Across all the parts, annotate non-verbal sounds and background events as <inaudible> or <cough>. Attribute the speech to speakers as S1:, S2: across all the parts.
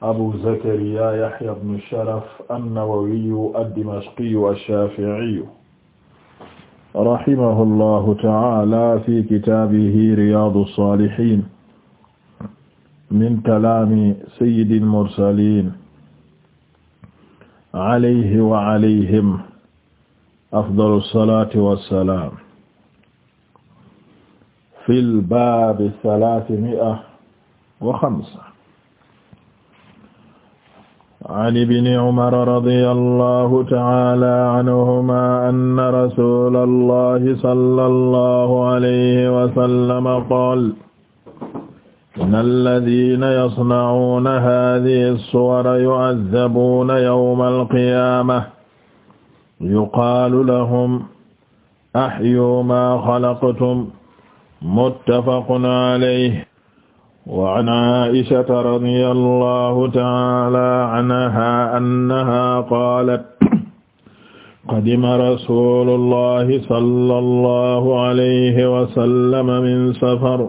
S1: abu zakariya yahya ibn sharaf an-nawawiyu ad-dimashqiyu ash-shafi'iyu rahimahu llahu ta'ala fi kitaabihi riyaadu saalihiin min kalaami sayyidil mursaliin alayhi wa alayhim afdalu salaati wa salaam fil baabi salaasi mi'a wa xamsa an ibni umara radiyallahu ta'ala anhuma anna rasulallahi sallallahu alayhi wa sallam qaala inna alladhina yasna'una hadhihi as-suwara yu'adhabuna yawma al-qiyamah yuqaalu lahum ahyu ma khalaqtum muttafaqun alayhi وعن عائشة رضي الله تعالى عنها أنها قالت قدم رسول الله صلى الله عليه وسلم من سفر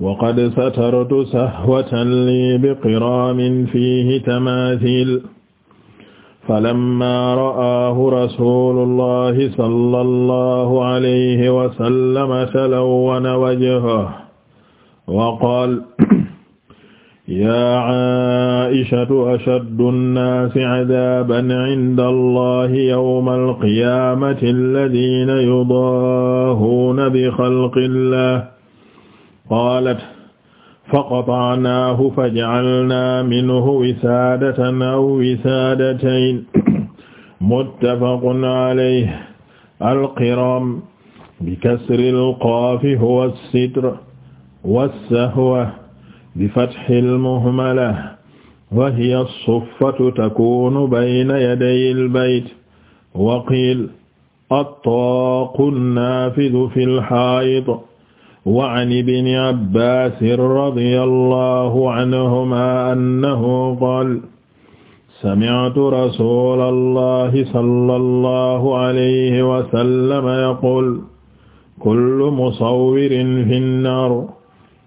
S1: وقد سترت سهوة لي بقرام فيه تماثيل فلما رآه رسول الله صلى الله عليه وسلم تلون وجهه wa qaal yaa aishatu ashaddu annaasi cadaaban cinda allahi yawma alqiyaamati alladina yudaahuuna bixalqi illah qaalat faqatacnaahu fajacalnaa minhu wisaadatan aw wisaadatayn muttafaqun calayhi alqiraam bikasri alqaafi huwa assitr والسهوة بفتح المهملة وهي الصفة تكون بين يدي البيت وقيل الطاق النافذ في الحائط وعن ابن عباس رضي الله عنهما أنه قال سمعت رسول الله صلى الله عليه وسلم يقول كل مصور في النار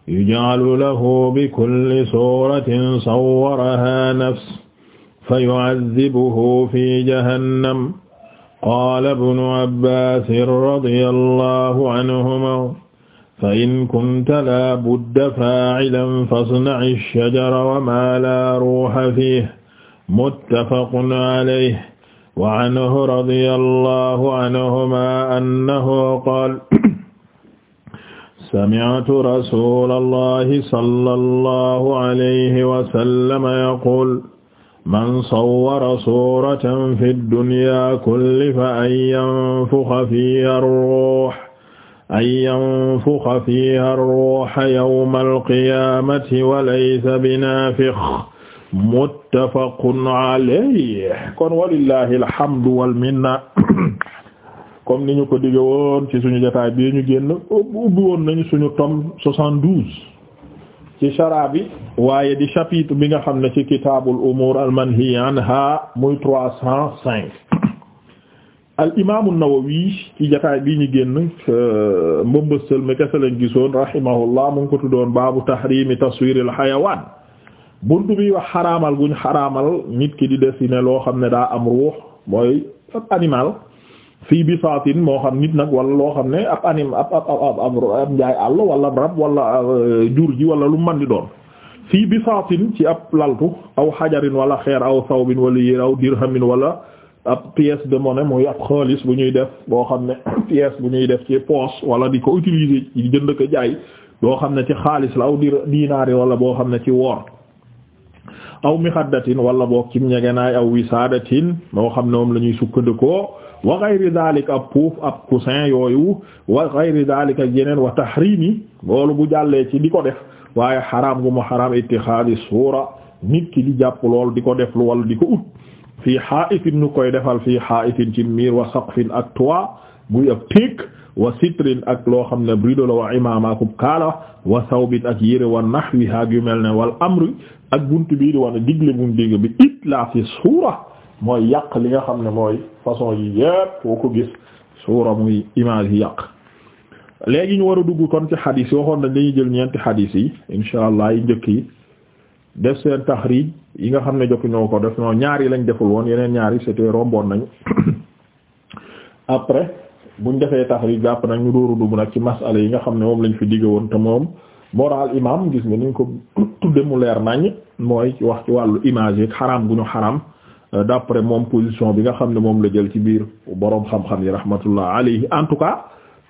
S1: yuj'alu lahu bi kulli suuratin sawwarahaa nafs fa yu'adhibuhu fi jahannam qaala ibnu abbaasin radiyallaahu anhumaa fa in kunta laa budda faa'ilan fasna'i ash-shajara wa maa laa ruuha fiihi muttafaqun alayhi wa anhu radiyallaahu anhumaa annahu qaala sami'tu rasulallahi sallallahu alayhi wa sallam yaqul man sawwara suuratan fi dunya kulli fa an yanfuxa fiiha ruux an yanfuxa fiiha ruux yawmal qiyaamati wa laysa binaafikh muttafaqun alayhi kon walillahi alhamdu wal minna comme ni ñu ko digge woon ci suñu jotaay bi ñu génn ubbi woon nañu suñu tom soixante-douze ci chara bi waaye di chapitre bi nga xam ne ci kitaabul umuur al manhi anha muy trois cent cinq al imaamu Nawawi ci jotaay bi ñu génn euh, mbambastal mi kese lañ gisoon rahimahullah mu ngi ko tuddoon baabu tahrimi taswiril xayawaan buntu bi wax xaraamal guñ xaraamal nit ki di ne loo xam ne daa am ruux mooy animal fii bisaatin moo xam nit nag wala loo xam ne ab anim ab ab njaay àll wala rab walla euh, jur ji wala lu man di doon fii bi bisaatin ci ab laltu aw xajarin wala xeer aw bin wala yéer aw dirhamin wala ab pièce de monnaie muy ab xaalis bu ñuy def boo xam ne <coughs> pièce bu ñuy def ci poche wala di ko utiliser ci jënd ko jaay boo xam ne ci xaalis la aw di diinaari wala boo xam ne ci woor aw mixaddatin wala boog ci ñegenaay aw wisaadatin boo xam ne moom la ñuy sukkandikoo wa ghayri daalika ab puuf ab yooyu wa ghayri daalika yeneen wa tahrimi bu jàllee ci di ko def waaye xaram gu mu xaraam ittixaadi suura nit ki di jàpp lool di ko def lu wala di ko ut fii xaaifin nu koy defal fii xaaifin ci miir wa saqfin ak toit buy wa sitrin ak loo xam ne brido la wa imamaakub kaala wa sawbin ak yére wa nahwiha yu mel ne wal amri ak buntu bii di wax ne bi it laa fi suura mooy yàq li nga xam ne mooy façon yi yépp foo ko gis suura muy image yi yàq léegi ñu war a dugg kon ci xadiis yi waxoon nañ dañuy jël ñeenti xadiis yi insha allah yi njëkk yi def seen taxriij yi nga xam ne jotuñoo ko def noonu ñaar yi lañ deful woon yeneen ñaari yi c'était romboon nañu après buñ defee taxriij jàpp nag ñu dóoru dugg nag ci masala yi nga xam ne moom lañ fi digg woon te moom moral imam gis nga niñ ko tudde mu leer nañ mooy wax ci wàllu image yi xaraam gu ñu Euh, d'après moom position bi nga xam ne moom la jël ci biir boroom xam-xam yi rahmatullah alayhi en tout cas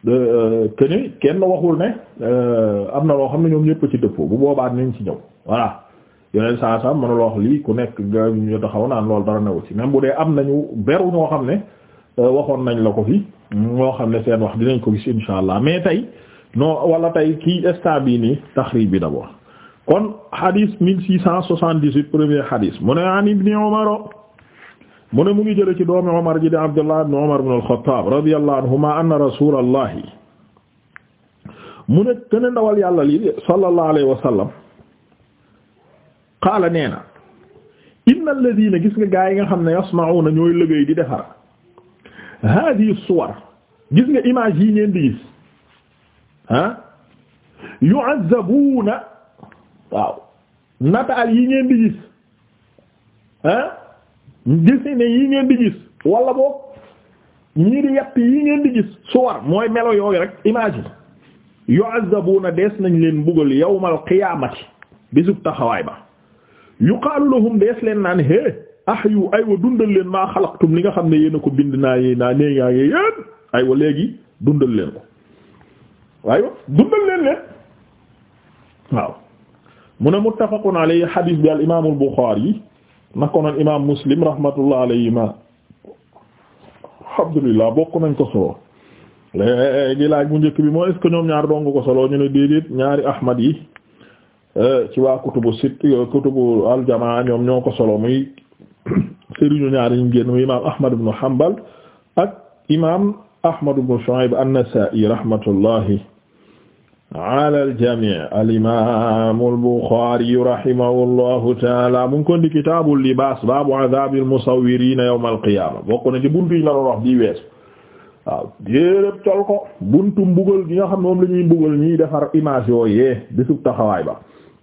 S1: euh, que ni kenn waxul ne euh, am na loo xam ne ñoom ñëpp ci dëppoo bu boobaa nañ ci ñëw voilà yeneen saa saa mënul wax lii ku nekk nga ñu taxaw naan loolu dara newu si même bu dee am nañu beru ñoo xam ne waxoon nañ la ko fi ñoo xam ne seen wax dinañ ko gis insha allah mais tey non wala tey kii instant bii nii taxriib bi d'abord kon hadith 1678 premier hadith mu ne an Ibn Umar mu ne mu ngi jële ci doomi Umar ji di Abdullah ibn Umar ibn al-Khattab radiyallahu anhuma anna rasulallahi mu ne gën a ndawal yàlla li sallallahu alayhi wa sallam qaala nee na inna alladhina gis nga gaa yi nga xam ne yasma'una ñooy liggéey di defar hadhihi suwar gis nga image yi ngeen di gis ah yu'azzabuna waaw nataal yi ngeen di gis ah gise yi ngeen di gis wala boo ñii di yàpp yi ngeen di gis su war mooy melo yooyu rek imagine na dees nañ leen mbugal yawmal qiyaamati bisub taxawaay ba yuqaalu lahum dees leen naan hé ay aywa dundal leen maa xalaqtum li nga xam ne yéen ko bind naa yéen naa nee ngaa yéen aywa léegi dundal leen ko aywa dundal leen leen waaw mu ne muttafaqun alayhi xadiis bi al imaamul Buxaari na ko noon imaam muslim rahmatullah alayhima alhamdulillah bokk nañ ko solo léegi laaj mu njëkk bi moo est-ce ñoom ñaar dong ko solo ñu ne déedéet ñaari ahmad yi euh, ci waa kutubu sitt kutubu aljamaa ñoom ñoo ko solo muy sëriñu ñaari ñu génn muy imaam ahmad ibn hanbal ak imaam ahmad ibn shu'ayb an-nasa'i rahmatullahi alal jamii al imaamul buxaari rahimahullahu taala mu ngi ko di kitaabul libaas baabu azaabil musawwiriina yawmal qiyaama bokk na ci buntu yi la doon wax bii weesu waaw déedéet col ko buntu mbugal gi nga xam ne moom la ñuy mbugal ñiy defar image yooyee bisub taxawaay ba.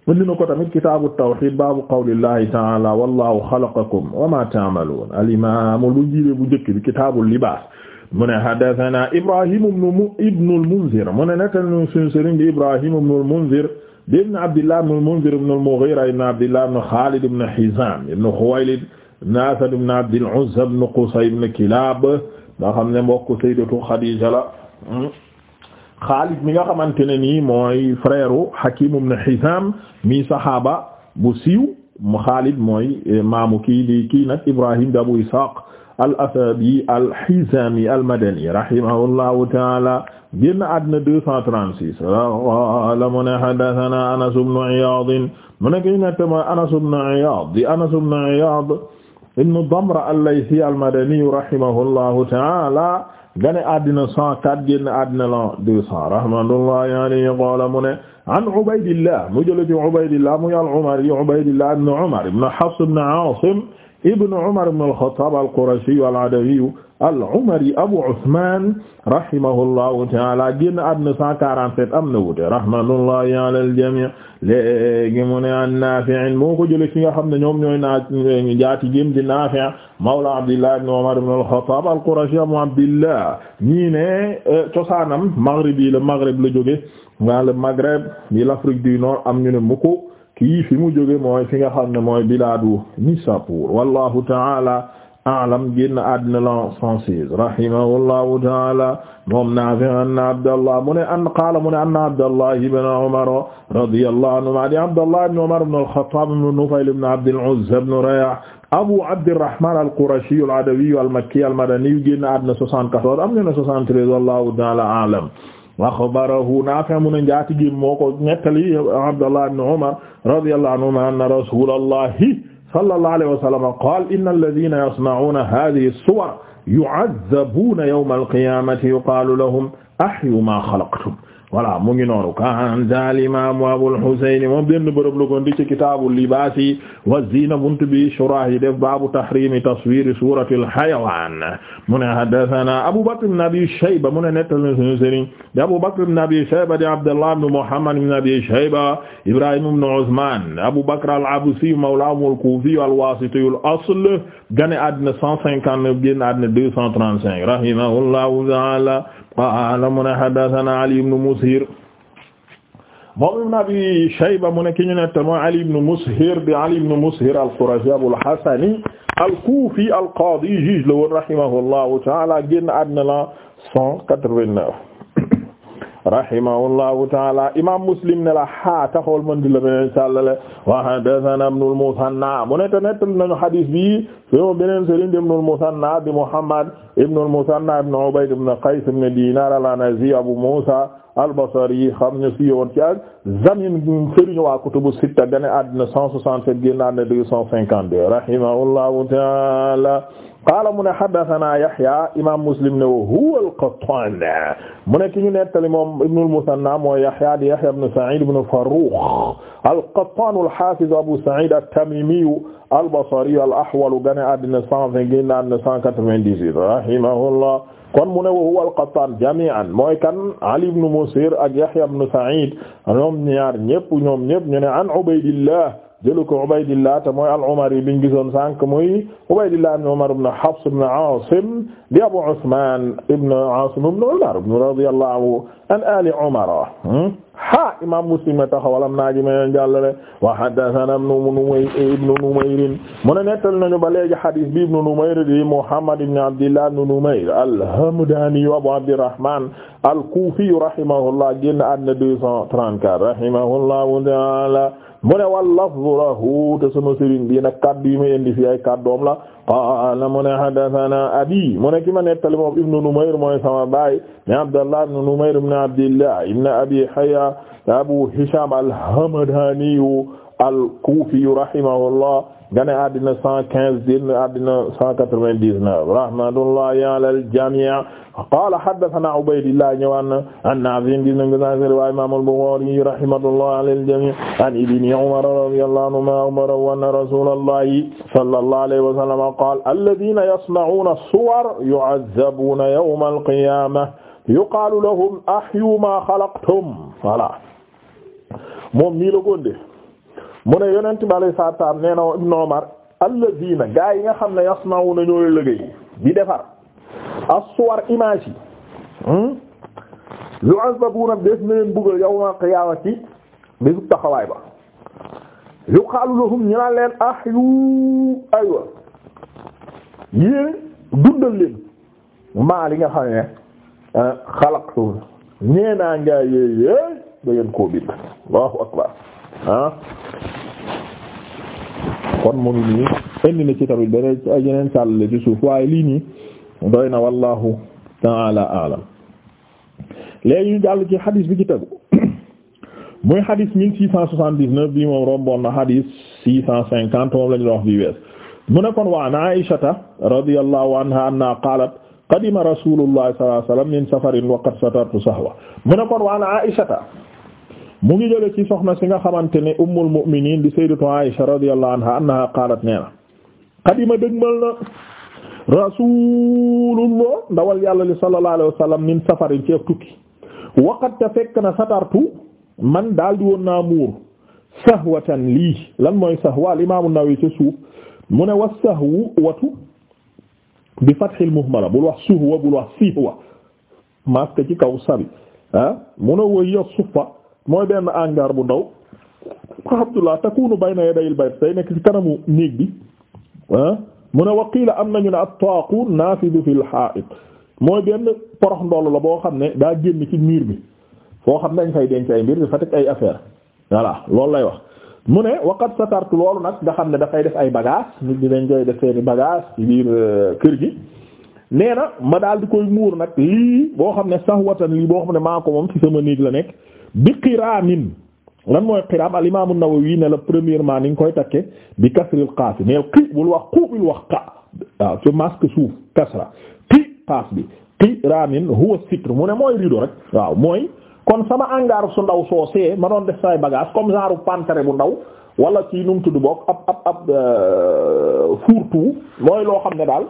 S1: indi na ko tamit kitaabu tawxiid baabu qawlillahi taala wallaahu xalaqakum wa maa ta'maluun al imaamul bu njëkk bi kitaabul libaas. mu ne haddathana Ibrahim ibn al-Munzir mu ne nekk nañu sunu sëriñ di Ibrahim ibn al-Munzir di ibn Abdillah ibn al-Munzir ibn al-Mughira ibn Abdillah ibn Khalid ibn Hizam ibn Khuwaylid ibn Asad ibn Abd al-Uzza ibn Qusay ibn Kilab nga xam ne mbokk Sayyidatu Khadija la Khalid mi nga xamante ne nii mooy frère Hakim ibn Hizam mi saxaaba bu siiw Khalid mooy maamu kii di kii nag Ibrahim di Abu Ishaq al-Asabi al-Hizami al-Madani rahimahullahu ta'ala génn àddina 236 qala mu ne haddathana Anas ibn Iyad mu ne ki nett mooy Anas ibn Iyad di Anas ibn Iyad ibn Damra al-Laythi al-Madani rahimahullahu ta'ala génn àddina 104 génn àddina la 200 rahmatullahi alayhi qala mu ne an Ubaydillah mu jële ci Ubaydillah mu yal Umar yi Ubaydillah ibn Umar ibn Hafs ibn Asim ibnu Umar ibn al-Khattab al-Qurashi al-Adawi al-Umari Abu Uthman rahimahullahu ta'ala génn àdduna 147 am na wuute rahmatullahi ala al-jami' léegi mu ne an Nafi' moo ko jëlee ci nga xam ne ñoom ñooy naa jaati gém di Nafi' mawla Abdillah ibn Umar ibn al-Khattab al-Qurashi Abu Abdillah ñii ne euh, cosaanam Maghrib yi la Maghrib la jóge waa le Maghreb yi l'Afrique du Nord am ñu ne mu ko kii fi mu jóge mooy fi nga xam ne mooy biladu Nisapur wallahu taala a'lam génn àddina la cent seize rahimahullahu taala moom Naafi' an Abdallah mu ne an qaala mu ne anna Abdallah ibn Umar radiyallahu anhuma di Abdallah ibn Umar ibn al-Khattab ibn Nufayl ibn Abd al-Uzza ibn Rayah Abu Abdirrahman al-Qurashi al-Adawi al-Makki al-Madani génn àddina soixante-quatorze am na soixante-treize wallahu taala a'lam axbarahu Naafi' mu ne njaatigé moo ko nettali Abdallah ibn Umar radiyallahu anhuma anna rasulallahi sallallahu alayhi wa sallam qaala inna alladhina yasna'una hadhihi as-suwar yu'adhabuna yawma al-qiyamati yuqalu lahum ahyu ma khalaqtum voilà mu ngi noonu kan zal imam Abul Husayn moom benn bërëb la kon di ci kitaabul libaasi wa ziina buntu bi shurah yi def baabu tahrimi taswiri suratil xayawaan mu ne haddathana Abu Bakr ibn Abi Shayba mu ne nettali sunu sëriñ di Abu Bakr ibn Abi Shayba di Abdullah ibn Muhammad ibn Abi Shayba Ibrahim ibn Usman Abu Bakr al-Absi mawlahum al-Kufi al-Wasiti al-asl gane àddina 159 génn àddina 235 rahimahullahu ta'ala qaala mu ne haddathana Ali ibn Mushir moom ibn Abi Shayba mu ne ki ñu nettal mooy Ali ibn Mushir di Ali ibn Mushir al-Qurashi Abul Hasani al-Kufi al-Qadi juge la woon rahimahullahu ta'ala génn àddina la 189 rahimahullahu taala imam muslim ne la ha taxawal mën di la beneen sàllale wa hadathana ibnul musanna mu nete nettal nañu hadis bi so beneen sëriñ di ibnul musanna di muhammad ibnul musanna ibn ubayd ibn qays ibn dinar al-anazi abu musa al-basri xam ñu si yoon ci ak zamin sëriñ waa kutubu sitta gane àddina 167 génn àddina 252 rahimahullahu taala qaala mu ne haddasanaa Yahya imaam Muslim ne wa huwa al-Qattaan mu ne ki ñu nettali moom Ibnul Musanna mooy Yahya di Yahya ibn Sa'iid ibn Farrukh al-Qattaan al-Haafiz Abu Sa'iid at-Tamiimi al-Basri al-Ahwal gane àddina 120 génn àddina 198 rahimahullah kon mu ne wa huwa al-Qattaan jamii'an mooy kan Ali ibn Musiir ak Yahya ibn Sa'iid ñoom ñaar ñépp ñoom ñépp ñu ne an Ubaydillah jëlu ko Ubaydillah te mooy al-Umari biñ gisoon sànq muy Ubaydillah ibn Umar ibn Hafs ibn Asim di Abu Usman ibn Asim ibn Umar ibn radiyallahu an ali Umar ha imam Muslim taxawalam naa ji ma jàllale wa haddathana ibn Numayr ibn Numayr mu ne nettal nañu ba léegi hadith bi ibn Numayr di Muhammad ibn Abdillah ibn Numayr al-Hamdani Abu Abdirrahman al-Kufi rahimahullah génn àddina 234 rahimahullahu ta'ala mu ne wal lafzu lahu te sama sëriñ bi nag kaddu yi muy indi fi ay kaddoom la qaala mu ne hadathana abi mu ne ki ma nettali moom ibnu Numayr mooy sama baay ni Abdallah ibnu Numayr ibnu Abdillah ibnu Abi Hayya Abu Hisham al-Hamdani al-Kufi rahimahullah gane àddina cent quinze génn àddina cent quatre-vingt-dix-neuf rahmatullahi ala al-jamii' qaala haddathanaa Ubaydillah ñëwaan na an Naafi' gis nañ ko saa si riwaaya Imaam al-Bukhaari rahmatullahi ala al-jamii' an ibni Umar radiyallahu anhumaa akhbara anna rasuulallahi sallallahu alayhi wa sallam qaala allaziina yasna'uuna as-suwar yu'azzabuuna yawma al-qiyaamah yuqaalu lahum ahyuu maa khalaqtum voilà moom nii la góode mu ne yonent bi alayhi salaatu salaam nee na Ibn Umar gaa yi nga xam ne yasna'una ñooy liggéey di defar as-suwar image yi hmm? yu'azzabuna def na leen buggal yawmal qiyaamati bisu taxawaay ba yuqaalu lahum ñu naan leen ahyu aywa yéen dundal leen maa li nga xam ne eh, xalaqtu ñeenaa ngaa yéeyéey eh, da ngeen koo bind Allahu akbar ah kon mu ngi nii indi na ci tamit beneen yeneen càllale ci suuf waaye lii nii doy na wallahu taala alam léegi ñu jàll ci xadis bi ci tegu <coughs> muy xadis mille six cent soixante dix bi moom romboon na xadis six cent cinquante moom lañu la wax bi wees mu ne kon wa an Aishata radiyallahu anha anna qaalat qadima rasulullah min safarin wa qad satartu sahwa mu ne kon wa an Aishata mu ngi jële ci soxna si nga xamante ne ummul mu'minin di sayyidatu Aisha radiyallahu anha annaha qaalat nee na qadima dëgmal na rasulullah ndawal yàlla li sallallahu alayhi wasallam min safarin ci ak tukki waqat te fekk satartu man daal di woon naa muur sahwatan lii lan mooy sahwa al imam an-Nawawi ci suuf mu ne was sahwu watu bi fathil muhmala bul wax suhwa bul wax sihwa maske ci kaw sabi ah mu ne woy yox sufa mooy benn hangar bu ndaw alhamdulilah takunu bayna yadayil bayt day nekk ci kanamu néeg bi ah mu ne waqiila am nañu ne at-taaquun naafidu fil haa'it mooy benn porox ndoll la boo xam ne daa génn ci miir bi foo xam ne dañ fay denc ay mbir dafa teg ay affaire voilà loolu lay wax. mu ne waqad loolu nag nga xam ne dafay def ay bagages nit ñi dañ koy def seeni bagages ci biir euh, kër gi. nee na ma daal di koy muur nag lii boo xam ne sahwatan lii boo xam ne maa ko moom ci sama néeg la nekk bi qiraamin lan mooy qiraam al ndaw an-Nawawi ne la premièrement ni nga koy takke bi kasril xaaf yi neel bul wax xuu bul wax xa waaw ah, ci masque suuf kasra xi xaaf bi qiraamin huwa sitr mu ne mooy rido rek waaw mooy kon sama angaar su ndaw soo soosee ma doon def say bagage comme genre pantere bu ndaw wala ci nu mu tudd bokk ab ab ab euh, fourre-tout mooy loo xam ne daal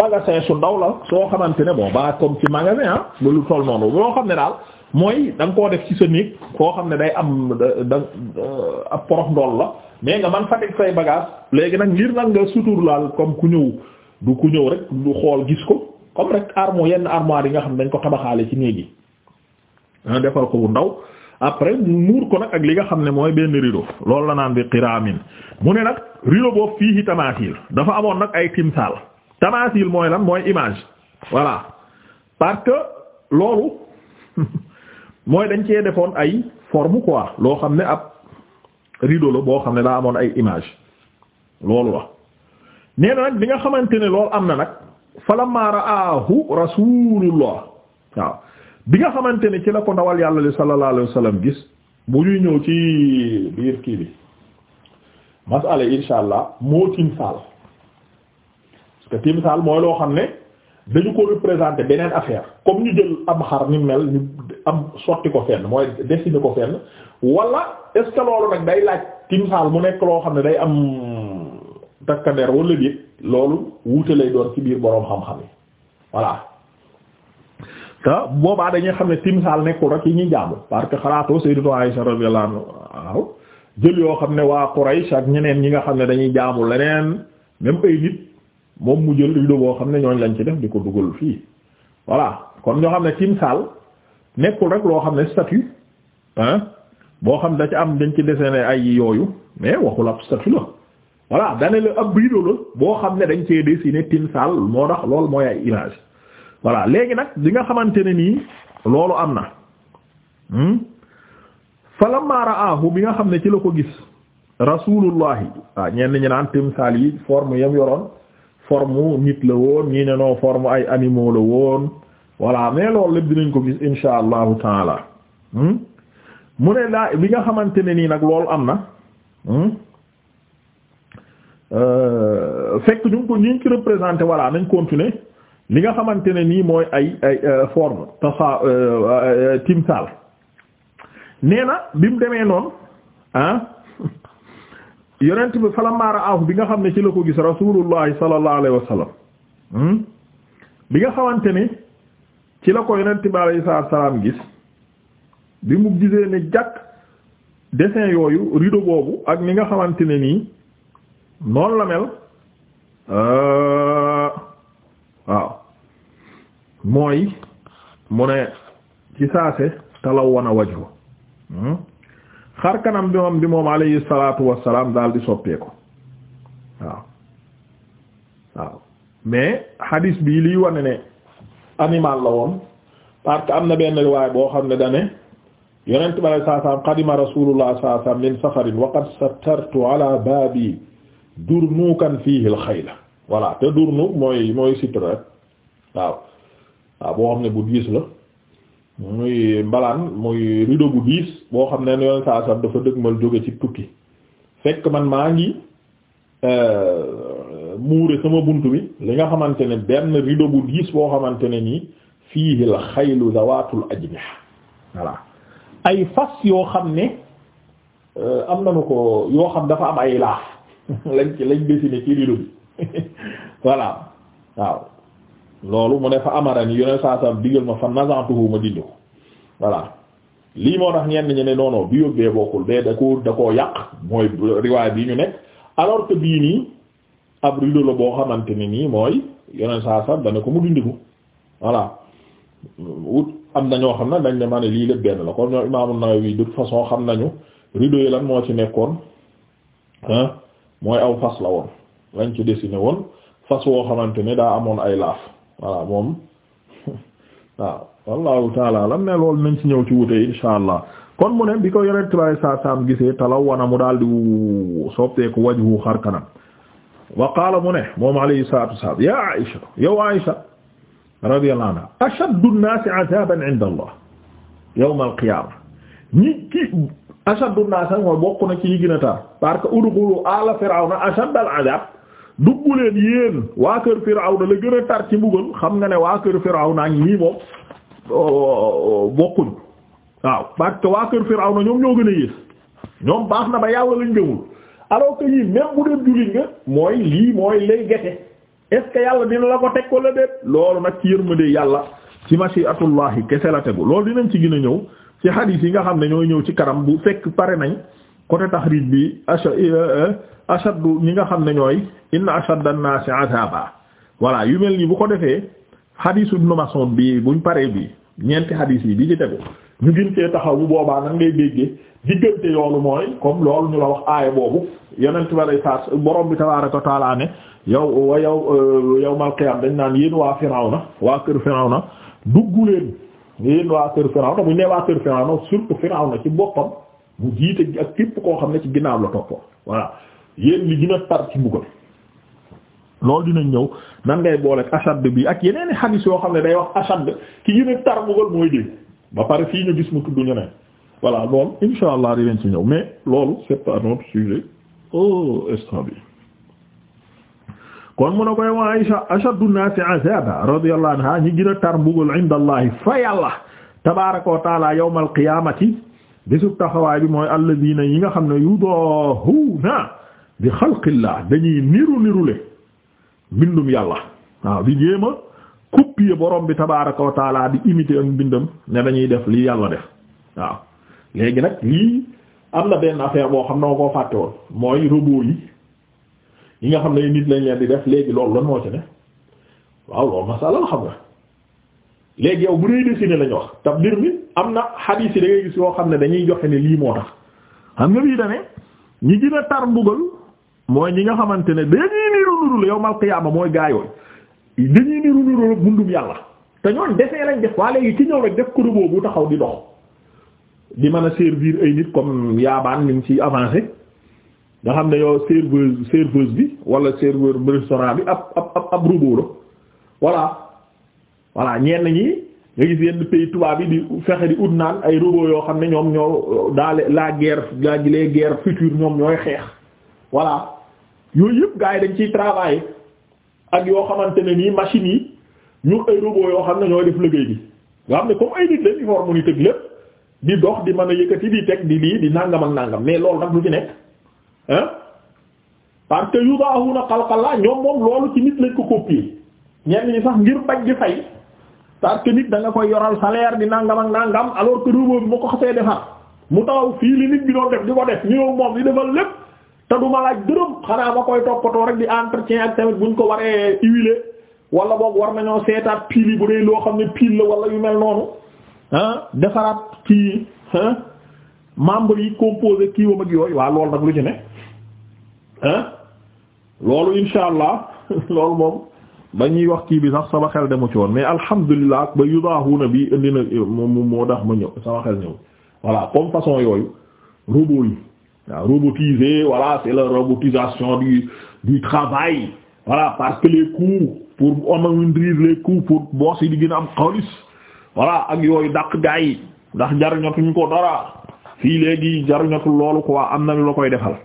S1: magasin su ndaw la soo xamante ne bon ba comme ci magasin ah ba lu toll noonu loo xam ne daal mooy da koo def ci sa néeg koo xam ne day am da euh, ab porof ndool la mais nga man fa teg say bagage léegi nag ngir nag nga sutur laal comme ku ñëw du ku ñëw rek du xool gis ko comme rek armoire yenn armoire yi nga xam ne dañ ko tabaxaale ci néegi yi ah, defal ko bu ndaw après muur ko nag ak li nga xam ne mooy benn rido loolu la naan bi qiraamin mu ne nag rido boobu fii ci dafa amoon nag ay timsaal tamasil mooy lan mooy image voilà parce que loolu <laughs> mooy dañ cee defoon ay forme quoi loo xam ne ab rido la boo xam ne daa amoon ay image loolu la nee nag bi nga xamante ne loolu am na nag falamma ra'ahu rasulullah waaw bi nga xamante ne ci la ko ndawal yàlla li sallallahu alayhi wasallam gis bu ñuy ñëw ci biir kii bi masala insha allah moo timsaal parce timsaal mooy loo xam ne dañu ko représenter beneen affaire comme ñu jël am xar ni mel ñu am sotti ko fenn mooy dessiner ko fenn wala est loolu nag day laaj timsaal mu nekk loo xam ne day am takkandeer wala biit loolu wuute lay doon ci biir boroom xam-xam yi voilà te boobaa dañuy xam ne timsaal nekkul rek yi ñuy jaamu parce que xalaatoo sayyidatu Aisha radiyallahu anha waaw jël yoo xam ne waa Quraysh ak ñeneen ñi nga xam ne dañuy jaamu leneen même ay nit moom mu jël rido boo xam ne ñooñ lañ ci def di ko dugal fii voilà kon ñoo xam ne timsaal nekkul rek loo xam ne statue hein boo xam da ci am dañ ci dessiné ay yooyu mais waxul ab statue la voilà dane ak ab rido boo xam ne dañ cee dessiné timsaal moo tax lool mooy ay voilà léegi nag bi nga xamante ne nii loolu am na hmm? falamma ra'aahu bi nga xam ne ci la ko gis rasulullahi waaw ah, ñenn ñi naan timsaal yi forme yam yoroon forme nit la woon ñii ne noo forme ay animaux la woon voilà mais lool lépp dinañ ko gis insha allahu taala hmm? mu ne laa bi nga xamante ne nii nag loolu am na hmm? euh, fekk ñu ko ñu ngi ci représenté voilà nañ continuer li nga xamante ne nii mooy ay ay euh, forme tasa euh, euh, timsal nee na bi mu demee noonu ah <laughs> yonent bi falammaa ra'aahu bi nga xam ne ci la ko gis rasuulullahi sallallahu alayhi wa sallam hmm, bi nga xamante ne ci la ko yonent bi alayhi salaam gis bi mu gisee ne jàkk dessin yooyu rideau boobu ak ni nga xamante ne nii noonu la mel. waaw mooy mu ne ci saase talawana wajhu hmm? xar kanam bi moom bi moom alayhi salatu wassalam daal di soppeeku waaw waaw mais hadis bi liy wane ne animal la woon parce que am na benn riwaay boo xam ne dane yonent bi alay saa salam qadima min safarin wa qad sattartu ala baabi durnuukan fiihi al voilà te durnu mooy mooy sitra waaw waaw boo xam ne bu diis la muy mbalaan muy rido bu diis boo xam ne yoon saa sam dafa dëgmal jóge ci tukki fekk man maa ngi euh, muure sama bunt bi li nga xamante ne benn rido bu diis boo xamante ne nii fii la xaylu zawatul ajniha voilà ay fas yoo xam ne euh, am nañu ko yoo xam dafa am ay laaf <laughs> lañ ci lañ dessiné ci rideau bi <laughs> voilà waaw loolu mu ne fa amarani yoneen saa saa digal ma fa nazantuhu ma dindi ko voilà lii moo tax ñenn ñi ne non bi yóbbu bee bokkul bee da ko da koo yàq mooy riwaay bi ñu la boo xamante ne nii mooy yoneen saa saa dana ko mu dindi ko voilà wut am na ñoo xam ne dañ ne ma lii lépp benn la kon ñoo Imaam An-Nawawi façon xam nañu rido yi lan moo ci nekkoon mooy aw fas la woon. lañ ci dessiné woon fas woo xamante ne daa amoon ay laaf voilà moom <laughs> waaw wallahu taala alam ne loolu nañ ci ñëw ci wute insha allah kon mu ne bi ko yonent bi saa saam gisee talaw mu daal di soppeeku wajhu xar mu ne moom alayhi salaatu wa salaam ya Aïsha yow Aïsha radiyallahu anha ashaddu an-naasi azaaban inda Allah yawm al-qiyaama ñi ki ashaddu an-naas mooy bokk na ci ñi gën a tar parce que udxulu ala fir'awna ashadda al-azaab dugg leen yéen waa kër Firawna la gën a tar ci mbugal xam nga ne waa kër Firawna ak ñii moom oh, bokkuñ waaw parce que waa kër Firawna ñoom ñoo gën a yées ñoom baax na ba yàlla lañ gëmul alors que ñii même bu dee jullit nga mooy lii mooy lay gete est-ce que yàlla dina la ko teg ko la déet loolu nag ci yërmande yàlla ci mashiatullahi kese la tegu loolu dinañ ci gën a ñëw ci hadith yi nga xam ne ñooy ñëw ci kanam bu fekk pare nañ côté taxrij bi ashaddu euh, euh, ñi nga xam ne ñooy inna ashadda an-naasi azaba voilà yu mel nii bu ko defee xadiisu nomason bi buñ paree bi ñeenti xadiis yi bi ci tegu ñu gën cee taxaw bu boobaa nan ngay déggee diggante yoolu mooy comme loolu ñu la wax aaya boobu yeneen tubaabay saas borom bi tabaaraka ko taala ne yow wa yow euh, yawmal qiyaam dañ naan yéen waa na waa kër na dugg leen yéen waa kër Firawna bu ñu nee waa kër Firawna surtout Firawna ci boppam. mu jiite ak képp koo xam ne ci ginnaaw la toppoo voilà yéen li gën a tar ci mbugal loolu dinañ ñëw nan ngay booleeg ashad bi ak yeneen i xadis yoo xam ne day wax ashad ki gën a tar mbugal mooy dégg ba pare fii ñu gis mu tudd ñeneen voilà loolu insha allah dinañ ci ñëw mais loolu c'est pas notre sujet oh instant bi kon mu ne koy wa Aïsha ashaddu naasi azaba radiyallahu anha ñi gën a tar mbugal inda allahi fa yàlla tabaraka wa taala yawmal qiyamati bésub taxawaay bi mooy alladina yi nga xam ne yu yudahuna bi xalqillah dañuy niru nirule mbindum yàlla waaw di jéem a copier borom bi tabaraka wa taala di imiter ak mbindam ne dañuy def li yàlla def waaw léegi nag lii am na benn affaire boo xam ne moo koo fàtte woon mooy robot yi yi nga xam ne nit lañ leen di def léegi loolu lan moo ci ne waaw loolu masala la xam nga léegi yow bu dee dessiné lañ wax te mbir am na xadiis yi da gis yoo xam ne dañuy joxe ni lii moo tax xam nga bii dane ñi gën a tar mbugal mooy ñi nga xamante ne dañuy niru nurul yawmal qiyaama mooy gaayooy dañuy niru nurul mundum yàlla te ñoon desee lañ def waa léegi ci ñëw rek def kuréel bu taxaw di dox di mën a servir ay nit comme yaabaan ñu ngi ci avancé nga xam ne yow serveuse serveuse bi wala serveur restaurant bi ab ab ab robot la voilà voilà ñenn ñi nga gis yenn pays tubaab yi di fexe di ut naan ay robot yoo xam ne ñoom ñoo daal laa guerre gaa ji les guerres ñoom ñooy xeex voilà yooyu yëpp gaa yi dañ ci travailler ak yoo xamante ne nii machines yi ñu ay robot yoo xam ne ñooy def liggéey bi nga xam ne comme ay nit lañ ñu war mu ni tëg lépp di dox di mën a yëkkati di teg di lii di nàngam nàngam mais loolu nag lu ci nekk hein parce que yu baaxu na xalxal la ñoom moom loolu ci nit lañ ko copier ñenn ñi sax ngir parce que nit da nga koy yoral salaire di nangam ak nangam alors que robot bi ma ko xasee defar mu taxaw fii li nit bi doon def di ko def ñëw moom di defal lépp te du ma laaj dërëm xanaa koy toppatoo rek di entretien ak tamit ko waree wala boog war nañoo seetaat pile yi loo xam ne pile la wala yu mel noonu ah defaraat kii ah membre yi composé kii wam ak yooyu waa loolu nag ah, allah <laughs> loolu moom. ba ñuy wax kii bi sax sama xel demu ci woon mais alhamdulilah ba yudaahuna bi indi na moom moo tax ma ñëw sama xel ñëw voilà comme façon yooyu robot yi waaw robotisé voilà c'est la robotisation du du travail voilà parce que les coûts pour amoindrir les coûts pour boss yi di gën am xaalis voilà ak yooyu dàq gaa yi ndax jariñatuñ ko dara fii léegi jariñatul loolu quoi am na lu la koy defal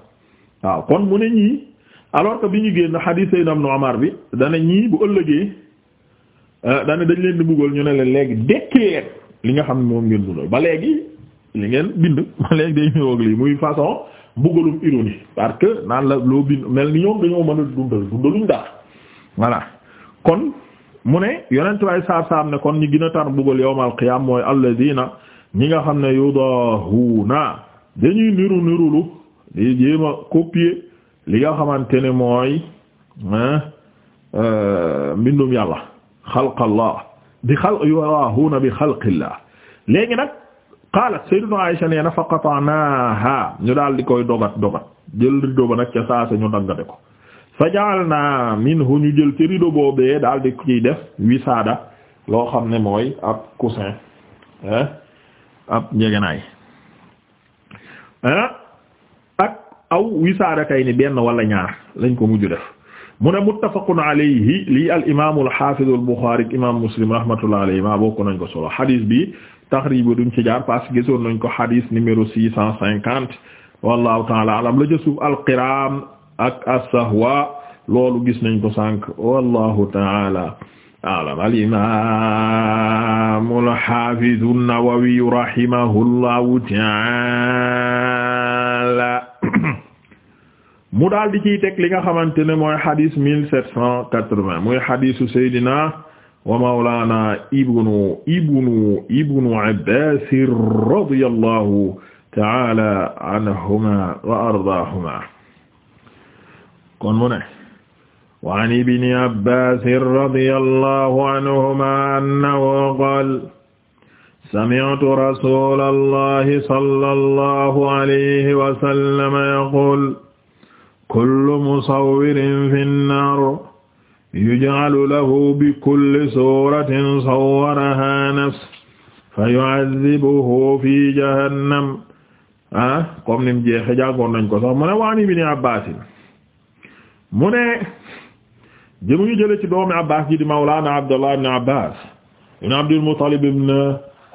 S1: waaw kon mu ne ñii alors que bi ñu génn xadiis Seydina Ibn Umar bi dana ñii bu ëllëgee euh, dana dañ leen di buggal ñu ne leen léegi dekki leen li nga xam ne moom ngeen dundal ba léegi li ngeen bind <laughs> ba léegi day ñëwoog lii muy façon buggalum ironie parce que naan la loo bind mel ni ñoom dañoo mën a dundal dundaluñ dara voilà kon mu ne yonent waay saar saar ne kon ñi gën a tar buggal yawmal qiyaam mooy alladina ñi nga xam ne yudahuna dañuy niru nirulu di jéem a li nga xamante ne mooy euh, mbindum yàlla xalqallah bi xalq yuraahuuna bi xalqillah léegi nag qaalat sayyiduna Aisha nee na fa qata'naaha ñu daal di koy dogat dogat jël rido ba nag ca saasa ñu daggate ko fa ja'alnaa minhu ñu jël ci rido boobee daal di ciy def wisaada loo xam ne mooy ab coussin ab njëgënaay aw wisaadatayni benn wala ñaar lañ ko mujj def mu ne muttafaqun alayhi lii al imaamul xaafizu al buxaari imaam muslim rahmatullahi alayhi maa bokk nañ ko solo xadis bi taxriij bi duñ ci jaar parce que gisoon nañ ko xadis numéro six cent cinquante wallahu taala alam la ca suuf alqiram ak as-sahwa loolu gis nañ ko sànq wallahu taala alam al imaamul xaafizu an-nawawi rahimahullahu taala mu daal di ciy teg li nga xamante ne mooy xadis mille sept cent quatre-vingt mooy xadisu Seydina wa mawlaana ibnu ibnu ibnu Abbaas radiyallahu ta'ala anhuma wa ardaahuma kon mu ne wa an ibni Abbaas radiyallahu anhuma annahu qaala sami'tu rasuulallahi sallallahu alayhi wa sallam yaquulu kullu musawwirin fi nnaar yuj'alu lahu bi kulli suuratin sawwarahaa nafs fa yu'adhibuhu fi jahannam ah comme ni mu jeexe jàngoon nañ ko sax mu ne waan ibni Abbaas mu ne jëmu ñu jële ci doomi Abbaas ji di mawlaana Abdullah ibn Abbaas ibn Abdul Muttalib ibn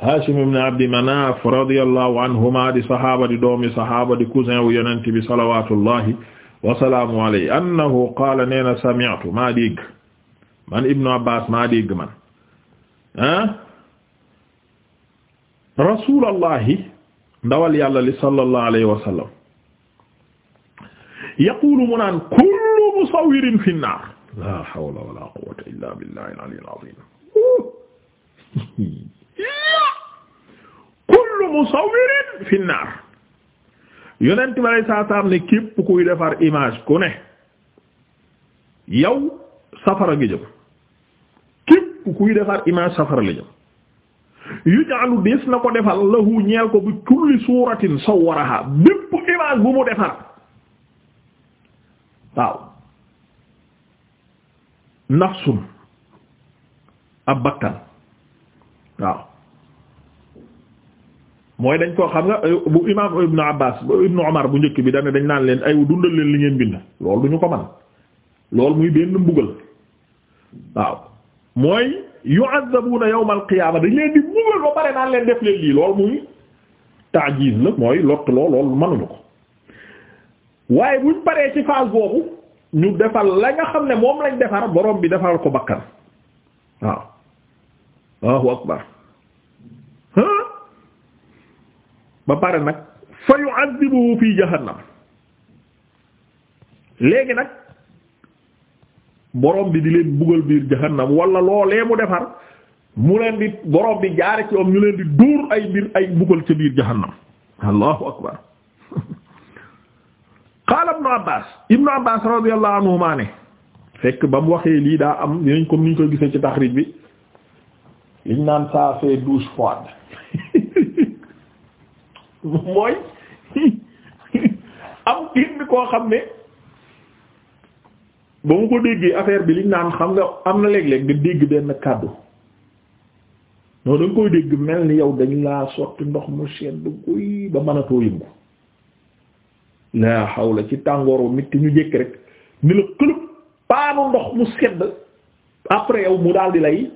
S1: Haashim ibn Abdi Manaaf radiyallahu anhumaa di saxaaba di doomi saxaaba di cousin wu Yonent bi salawaatullahi wasalaamu alayhi annahu qaala nee na sami'tu maa dégg man ibnu abbas maa dégg man ah rasulallahi ndawal yàlla li sallallahu alayhi wa sallam yaqulu mu naan kullu musawwirin fi nnaar la hawla wala quwwata illa billahi al-aliyyil azim <laughs> kullu musawwirin fi nnaar yonent bi alay saa salaam ne képp kuy defar image ku ne yow safara gi jëm képp kuy defar image safara la jëm yuj'alu des na ko defal lahu ñeel ko bi kulli suuratin sawwaraha bépp image bu mu defar waaw nafsun ab bakkan waaw mooy dañ koo xam nga euh, bu imaam ibnu abbas ibnu omar bu njëkk bi dane dañ naan leen ay dundal leen li ngeen bind loolu du ñu ko man lool muy benn mbugal waaw mooy yu'azzabuna yawmal qiyaama dañ leen di mbugal ba pare naan leen def leen lii loolu muy ta'jiz la mooy lott loo loolu mënuñu ko waaye buñ paree ci phase boobu ñu defal la nga xam ne moom lañ defar borom bi defal ko bakkan waaw Allahu akbar ba pare nag fa yu'adhibuhu fi jahannam léegi nag boroom bi di leen buggal biir jahannam wala loolee mu defar mu leen di borom bi jaare ci om ñu leen di dóor ay mbir ay buggal ci biir jahannam allahu akbar qaala ibnu abbas ibnu abbas radiyallahu anhuma ne fekk ba mu waxee lii daa am dinañ comme ni ñu koy gisee ci taxrij bi liñ naan ça fait douche froide <laughs> mooy <laughs> am kenn koo xam ne ba mu ko déggee affaire bi liñ naan xam nga am na léeg-léeg nga dégg benn kàddu noonu da koy dégg mel ni yow dañ laa sotti ndox mu sedd guy ba mënatoo yëngu laa xawla ci tàngooru mitti ñu jékk rek ni la këlëb paanu ndox mu sedd après yow mu daal di lay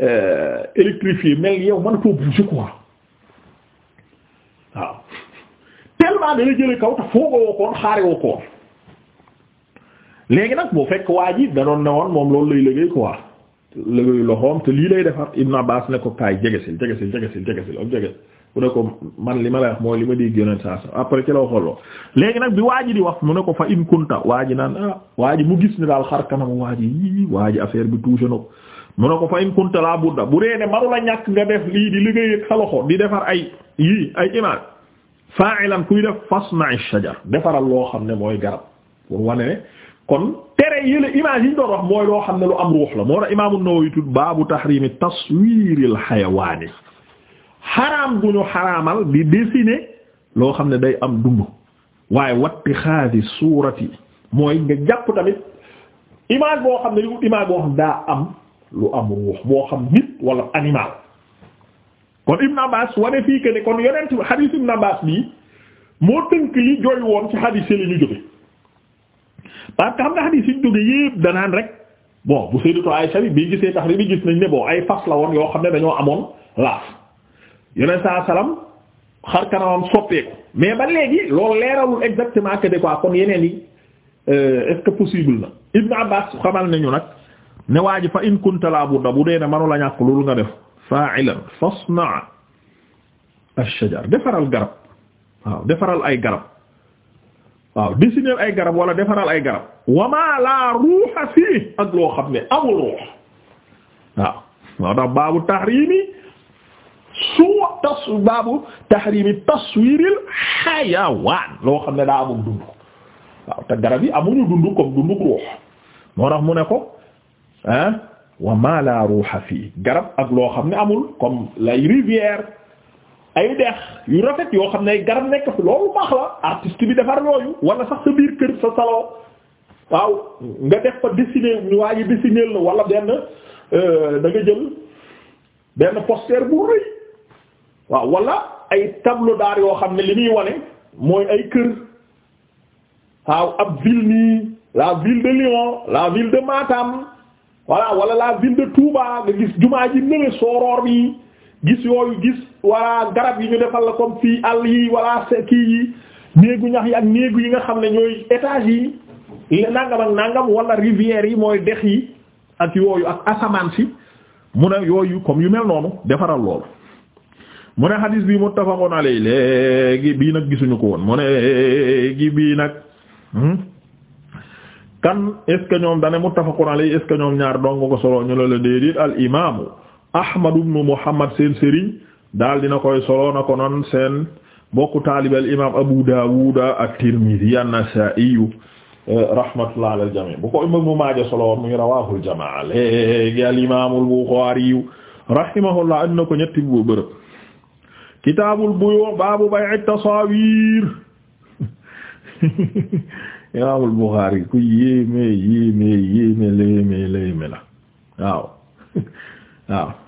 S1: euh, électrifier mel yow mënatoo bouger quoi xanaa dana jële kaw te foogoo woo koon xaare woo nag boo fekk waa ji danoon ne woon moom loolu lay liggéey quoi liggéeyu loxoom te lii lay defar Ibn Abbas ne ko kaay jegesil jegesil jegesil jegesil am jegesil mu ne ko man li ma lay mooy li ma dégg yonent sa après ci la léegi nag bi waa ji di wax mu ne ko fa in kunta waa ji naan ah waa mu gis ne daal xar kanam waa ji yii waa ji affaire bi touché na ko mu ne ko fa in kunta laa budda bu dee ne manu la ñàkk nga def lii di liggéey ak sa loxo di defar ay yii ay image fa'ilan kuy def fasna'i shajar defaral loo xam ne mooy garab pour wane ne kon tere yële image yi wax mooy loo xam ne lu am ruux la moo tax imaamu Nawawi tudd baabu tahrimi taswiril xayawaani xaraam gu ñu xaraamal di dessiner loo xam ne day am dund waaye wattixaadi suurati mooy nga jàpp tamit image boo xam ne image boo xam daa am lu am ruux boo xam nit wala animal kon Ibn Abbas wane fii que ne kon yonent xadiis Ibn Abbas bii moo tënk li jooy woon ci xadiis yi la jóge parce xam nga xadiis yi ñu jóge yépp danaan rek bon bu Sayyidatu Aisha bi bii gisee tax bi gis nañ ne bon ay fas la woon yoo xam ne dañoo amoon laaf yonent saa salaam xar kanamam soppeeku mais ba léegi loolu leeralul exactement que de quoi kon yeneen yi euh, est-ce que possible na Ibn Abbas xamal nañu nag ne waa ji fa in kunta laa budda bu dee ne manu la ñàkk loolu nga def. fa'ilan fasna' ash-shajar defaral garab waaw defaral ay garab waaw dessiner ay garab wala defaral ay garab wama la ruuxa fii ak loo xam ne amul ruux waaw waaw tax baabu tahrimi suu tas baabu tahrimi taswiril xayawaan loo xam ne daa amul dund waaw te garab yi amuñu dund comme dund ruux moo tax mu ne ko ah wa ma la ruuxa fii garab ak loo xam ne amul comme lay rivière ay dex yu rafet yoo xam ne ay garab nekk fi loolu baax la artiste bi defar yooyu wala sax sa biir kër sa salon waaw nga def fa dessiner ñu waa ji dessiner la wala benn euh, danga nga jël benn poster bu rëy waaw wala ay tableau daar yoo xam ne li muy wane mooy ay kër waaw ab ville la ville de Lyon la ville de Matam voilà wala laa bind de Touba nga gis jumaa ji nële sooroor bi gis yooyu gis wala garab yi ñu defal la comme fii àll yi wala kii yi néegu ñax yi ak néegu yi nga xam ne ñooy étage yi nangam ak nangam wala rivières yi mooy dex yi ak yooyu ak asamaan si mu ne yooyu comme yu mel noonu defaral loolu mu ne xadis bi muttafaqun alayhi léegi bii nag gisuñu ko woon mu ne gi bii nag hmm? kan est-ce que dane muttafaqun alayhi est ñaar dong ko solo ñu la la déedéet al imaamu ahmad ibnu muhammad seen daal dina koy solo na ko noon seen bokku taalib al imaam abu daawud at-tirmidhi an rahmatullah ala al-jami' bu ko imam maaja solo muy rawaahul jamaa léegi al imaamul buxaari rahimahullah ad na ko ñetti bu bërëb kitaabul buyu' baabu bay'i tasawir <laughs> imaamul Buxaari ku yéeme yéeme yéeme léeme léeme la waaw <laughs> waaw